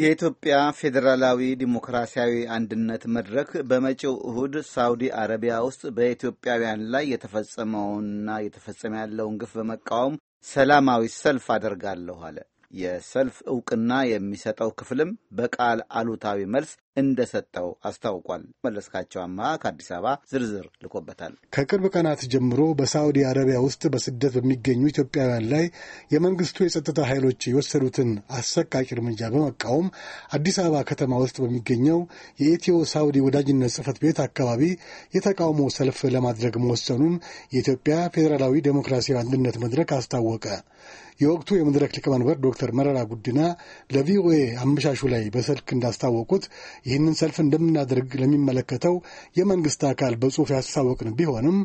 የኢትዮጵያ ፌዴራላዊ ዲሞክራሲያዊ አንድነት መድረክ በመጪው እሁድ ሳውዲ አረቢያ ውስጥ በኢትዮጵያውያን ላይ የተፈጸመውንና የተፈጸመ ያለውን ግፍ በመቃወም ሰላማዊ ሰልፍ አደርጋለሁ አለ። የሰልፍ እውቅና የሚሰጠው ክፍልም በቃል አሉታዊ መልስ እንደሰጠው አስታውቋል። መለስካቸው አማ ከአዲስ አበባ ዝርዝር ልኮበታል። ከቅርብ ቀናት ጀምሮ በሳዑዲ አረቢያ ውስጥ በስደት በሚገኙ ኢትዮጵያውያን ላይ የመንግስቱ የጸጥታ ኃይሎች የወሰዱትን አሰቃቂ እርምጃ በመቃወም አዲስ አበባ ከተማ ውስጥ በሚገኘው የኢትዮ ሳዑዲ ወዳጅነት ጽህፈት ቤት አካባቢ የተቃውሞ ሰልፍ ለማድረግ መወሰኑን የኢትዮጵያ ፌዴራላዊ ዴሞክራሲያዊ አንድነት መድረክ አስታወቀ። የወቅቱ የመድረክ ሊቀመንበር ዶክተር መረራ ጉዲና ለቪኦኤ አመሻሹ ላይ በስልክ እንዳስታወቁት ይህንን ሰልፍ እንደምናደርግ ለሚመለከተው የመንግስት አካል በጽሁፍ ያስታወቅን ቢሆንም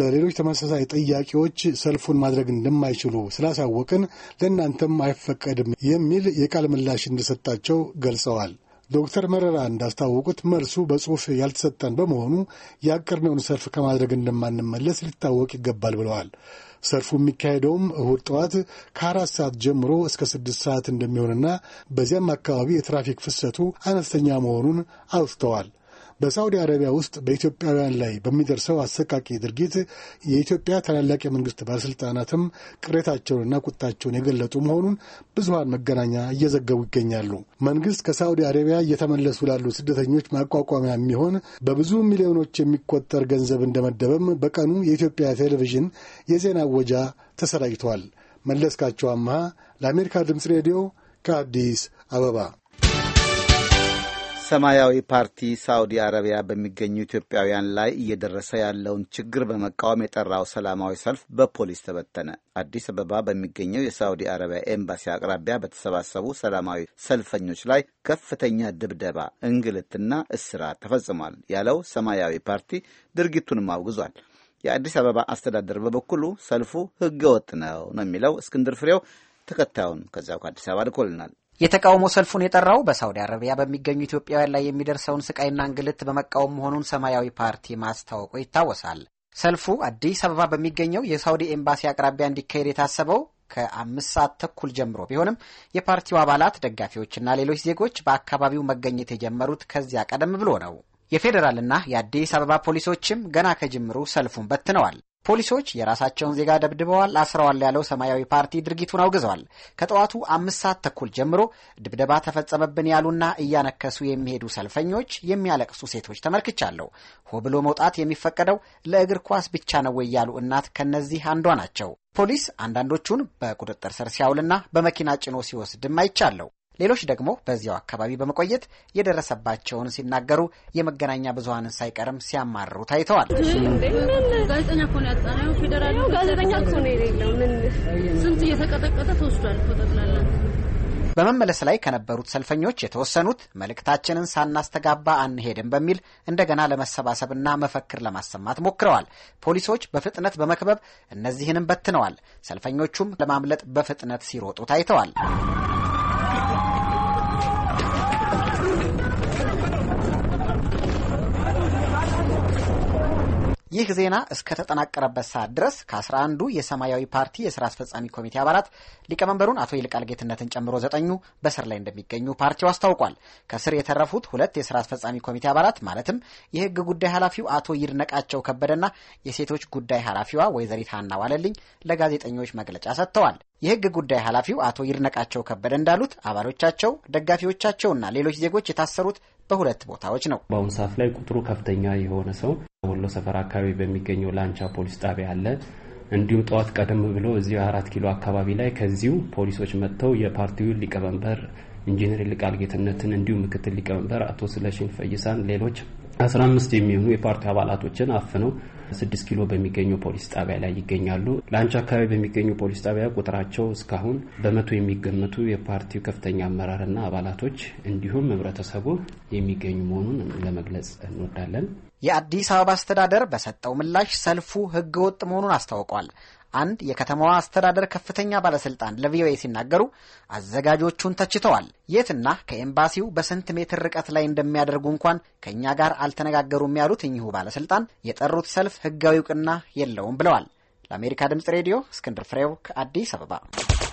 ለሌሎች ተመሳሳይ ጥያቄዎች ሰልፉን ማድረግ እንደማይችሉ ስላሳወቅን ለእናንተም አይፈቀድም የሚል የቃል ምላሽ እንደሰጣቸው ገልጸዋል። ዶክተር መረራ እንዳስታወቁት መልሱ በጽሁፍ ያልተሰጠን በመሆኑ ያቀድነውን ሰልፍ ከማድረግ እንደማንመለስ ሊታወቅ ይገባል ብለዋል። ሰልፉ የሚካሄደውም እሁድ ጠዋት ከአራት ሰዓት ጀምሮ እስከ ስድስት ሰዓት እንደሚሆንና በዚያም አካባቢ የትራፊክ ፍሰቱ አነስተኛ መሆኑን አውስተዋል። በሳዑዲ አረቢያ ውስጥ በኢትዮጵያውያን ላይ በሚደርሰው አሰቃቂ ድርጊት የኢትዮጵያ ታላላቅ የመንግስት ባለሥልጣናትም ቅሬታቸውንና ቁጣቸውን የገለጡ መሆኑን ብዙሀን መገናኛ እየዘገቡ ይገኛሉ። መንግስት ከሳዑዲ አረቢያ እየተመለሱ ላሉ ስደተኞች ማቋቋሚያ የሚሆን በብዙ ሚሊዮኖች የሚቆጠር ገንዘብ እንደመደበም በቀኑ የኢትዮጵያ ቴሌቪዥን የዜና አወጃ ተሰራጭቷል። መለስካቸው አምሃ ለአሜሪካ ድምፅ ሬዲዮ ከአዲስ አበባ ሰማያዊ ፓርቲ ሳዑዲ አረቢያ በሚገኙ ኢትዮጵያውያን ላይ እየደረሰ ያለውን ችግር በመቃወም የጠራው ሰላማዊ ሰልፍ በፖሊስ ተበተነ። አዲስ አበባ በሚገኘው የሳዑዲ አረቢያ ኤምባሲ አቅራቢያ በተሰባሰቡ ሰላማዊ ሰልፈኞች ላይ ከፍተኛ ድብደባ፣ እንግልትና እስራት ተፈጽሟል ያለው ሰማያዊ ፓርቲ ድርጊቱንም አውግዟል። የአዲስ አበባ አስተዳደር በበኩሉ ሰልፉ ሕገወጥ ነው ነው የሚለው። እስክንድር ፍሬው ተከታዩን ከዚያው ከአዲስ አበባ ልኮልናል። የተቃውሞ ሰልፉን የጠራው በሳውዲ አረቢያ በሚገኙ ኢትዮጵያውያን ላይ የሚደርሰውን ስቃይና እንግልት በመቃወም መሆኑን ሰማያዊ ፓርቲ ማስታወቁ ይታወሳል። ሰልፉ አዲስ አበባ በሚገኘው የሳውዲ ኤምባሲ አቅራቢያ እንዲካሄድ የታሰበው ከአምስት ሰዓት ተኩል ጀምሮ ቢሆንም የፓርቲው አባላት ደጋፊዎችና ሌሎች ዜጎች በአካባቢው መገኘት የጀመሩት ከዚያ ቀደም ብሎ ነው። የፌዴራልና የአዲስ አበባ ፖሊሶችም ገና ከጅምሩ ሰልፉን በትነዋል። ፖሊሶች የራሳቸውን ዜጋ ደብድበዋል፣ አስረዋል ያለው ሰማያዊ ፓርቲ ድርጊቱን አውግዘዋል። ከጠዋቱ አምስት ሰዓት ተኩል ጀምሮ ድብደባ ተፈጸመብን ያሉና እያነከሱ የሚሄዱ ሰልፈኞች፣ የሚያለቅሱ ሴቶች ተመልክቻለሁ። ሆ ብሎ መውጣት የሚፈቀደው ለእግር ኳስ ብቻ ነው ወይ ያሉ እናት ከነዚህ አንዷ ናቸው። ፖሊስ አንዳንዶቹን በቁጥጥር ስር ሲያውልና በመኪና ጭኖ ሲወስድም አይቻለሁ። ሌሎች ደግሞ በዚያው አካባቢ በመቆየት የደረሰባቸውን ሲናገሩ የመገናኛ ብዙሀንን ሳይቀርም ሲያማርሩ ታይተዋል። ጋዜጠኛ ያጣነው። ጋዜጠኛ የሌለው። ምን ስንት እየተቀጠቀጠ ተወስዷል በመመለስ ላይ ከነበሩት ሰልፈኞች የተወሰኑት መልእክታችንን ሳናስተጋባ አንሄድም በሚል እንደገና ለመሰባሰብና መፈክር ለማሰማት ሞክረዋል። ፖሊሶች በፍጥነት በመክበብ እነዚህንም በትነዋል። ሰልፈኞቹም ለማምለጥ በፍጥነት ሲሮጡ ታይተዋል። ይህ ዜና እስከተጠናቀረበት ሰዓት ድረስ ከአስራ አንዱ የሰማያዊ ፓርቲ የስራ አስፈጻሚ ኮሚቴ አባላት ሊቀመንበሩን አቶ ይልቃል ጌትነትን ጨምሮ ዘጠኙ በስር ላይ እንደሚገኙ ፓርቲው አስታውቋል። ከስር የተረፉት ሁለት የስራ አስፈጻሚ ኮሚቴ አባላት ማለትም የህግ ጉዳይ ኃላፊው አቶ ይድነቃቸው ከበደና የሴቶች ጉዳይ ኃላፊዋ ወይዘሪት ሀና ዋለልኝ ለጋዜጠኞች መግለጫ ሰጥተዋል። የህግ ጉዳይ ኃላፊው አቶ ይድነቃቸው ከበደ እንዳሉት አባሎቻቸው፣ ደጋፊዎቻቸውና ሌሎች ዜጎች የታሰሩት በሁለት ቦታዎች ነው። በአሁኑ ሰዓት ላይ ቁጥሩ ከፍተኛ የሆነ ሰው ወሎ ሰፈር አካባቢ በሚገኘው ላንቻ ፖሊስ ጣቢያ አለ። እንዲሁም ጠዋት ቀደም ብሎ እዚሁ አራት ኪሎ አካባቢ ላይ ከዚሁ ፖሊሶች መጥተው የፓርቲው ሊቀመንበር ኢንጂነር ቃል ጌትነትን እንዲሁም ምክትል ሊቀመንበር አቶ ስለሽን ፈይሳን ሌሎች አስራ አምስት የሚሆኑ የፓርቲ አባላቶችን አፍነው ስድስት ኪሎ በሚገኙ ፖሊስ ጣቢያ ላይ ይገኛሉ። ለአንቺ አካባቢ በሚገኙ ፖሊስ ጣቢያ ቁጥራቸው እስካሁን በመቶ የሚገመቱ የፓርቲው ከፍተኛ አመራርና አባላቶች እንዲሁም ህብረተሰቡ የሚገኙ መሆኑን ለመግለጽ እንወዳለን። የአዲስ አበባ አስተዳደር በሰጠው ምላሽ ሰልፉ ህገወጥ መሆኑን አስታውቋል። አንድ የከተማዋ አስተዳደር ከፍተኛ ባለስልጣን ለቪኦኤ ሲናገሩ አዘጋጆቹን ተችተዋል። የትና ከኤምባሲው በስንት ሜትር ርቀት ላይ እንደሚያደርጉ እንኳን ከእኛ ጋር አልተነጋገሩም ያሉት እኚሁ ባለስልጣን የጠሩት ሰልፍ ህጋዊ እውቅና የለውም ብለዋል። ለአሜሪካ ድምጽ ሬዲዮ እስክንድር ፍሬው ከአዲስ አበባ